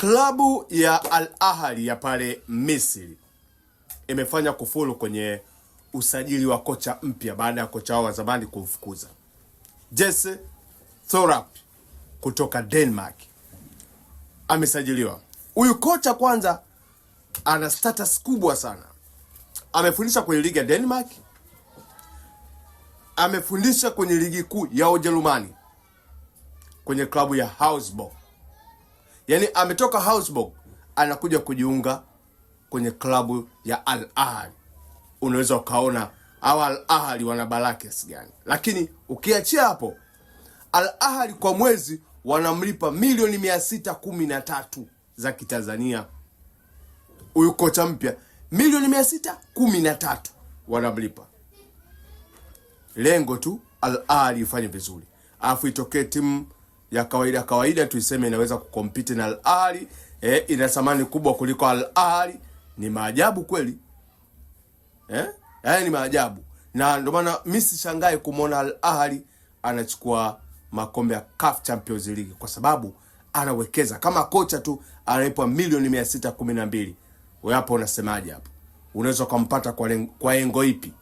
Klabu ya Al Ahly ya pale Misri imefanya kufuru kwenye usajili wa kocha mpya baada ya kocha wao wa zamani kumfukuza Jesse Thorap kutoka Denmark amesajiliwa. Huyu kocha kwanza, ana status kubwa sana. Amefundisha kwenye ligi ya Denmark, amefundisha kwenye ligi kuu ya Ujerumani kwenye klabu ya Augsburg yani ametoka Augsburg anakuja kujiunga kwenye klabu ya Al Ahly. Unaweza ukaona hawa Al Ahly wana balaa kiasi gani, lakini ukiachia hapo, Al Ahly kwa mwezi wanamlipa milioni mia sita kumi na tatu za Kitanzania. Huyu kocha mpya milioni mia sita kumi na tatu wanamlipa, lengo tu Al Ahly ifanye vizuri, alafu itokee timu ya kawaida kawaida tuiseme inaweza kukompiti na Al Ahly eh, ina thamani kubwa kuliko Al Ahly. Ni maajabu kweli eh? Yaani ni maajabu, na ndio maana mimi sishangae kumwona Al Ahly anachukua makombe ya CAF Champions League kwa sababu anawekeza kama kocha tu analipwa milioni mia sita kumi na mbili. Wewe hapo unasemaje? Hapo unaweza ukampata kwa lengo, kwa engo ipi?